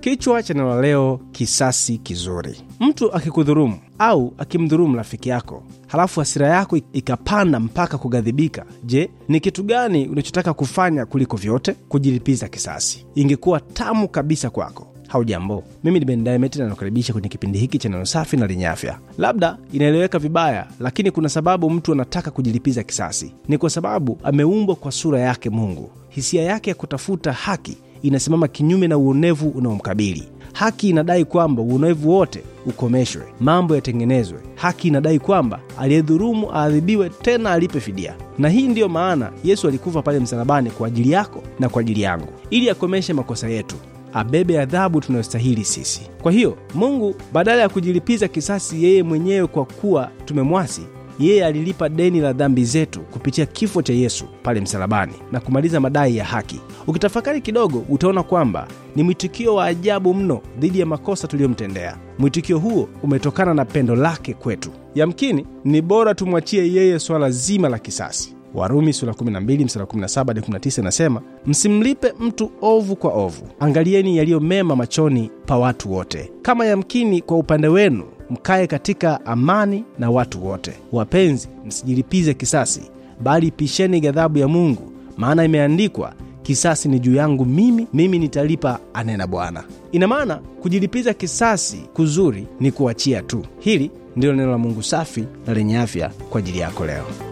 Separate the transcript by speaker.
Speaker 1: Kichwa cha neno leo: kisasi kizuri. Mtu akikudhurumu au akimdhurumu rafiki yako, halafu hasira yako ikapanda mpaka kughadhibika, je, ni kitu gani unachotaka kufanya kuliko vyote? Kujilipiza kisasi ingekuwa tamu kabisa kwako. Haujambo, mimi ni Ben Diamond na nakaribisha kwenye kipindi hiki cha neno safi na lenye afya. Labda inaeleweka vibaya, lakini kuna sababu mtu anataka kujilipiza kisasi. Ni kwa sababu ameumbwa kwa sura yake Mungu. Hisia yake ya kutafuta haki inasimama kinyume na uonevu unaomkabili. Haki inadai kwamba uonevu wote ukomeshwe, mambo yatengenezwe. Haki inadai kwamba aliyedhulumu aadhibiwe, tena alipe fidia. Na hii ndiyo maana Yesu alikufa pale msalabani kwa ajili yako na kwa ajili yangu, ili akomeshe makosa yetu, abebe adhabu tunayostahili sisi. Kwa hiyo Mungu badala ya kujilipiza kisasi yeye mwenyewe kwa kuwa tumemwasi yeye alilipa deni la dhambi zetu kupitia kifo cha Yesu pale msalabani na kumaliza madai ya haki. Ukitafakari kidogo, utaona kwamba ni mwitikio wa ajabu mno dhidi ya makosa tuliyomtendea. Mwitikio huo umetokana na pendo lake kwetu. Yamkini ni bora tumwachie yeye swala zima la kisasi. Warumi sura 12 mstari 17 hadi 19 inasema, msimlipe mtu ovu kwa ovu, angalieni yaliyo mema machoni pa watu wote. Kama yamkini kwa upande wenu mkae katika amani na watu wote. Wapenzi, msijilipize kisasi, bali pisheni ghadhabu ya Mungu, maana imeandikwa, kisasi ni juu yangu mimi, mimi nitalipa, anena Bwana. Ina maana kujilipiza kisasi kuzuri ni kuachia tu. Hili ndilo neno la Mungu safi na lenye afya kwa ajili yako leo.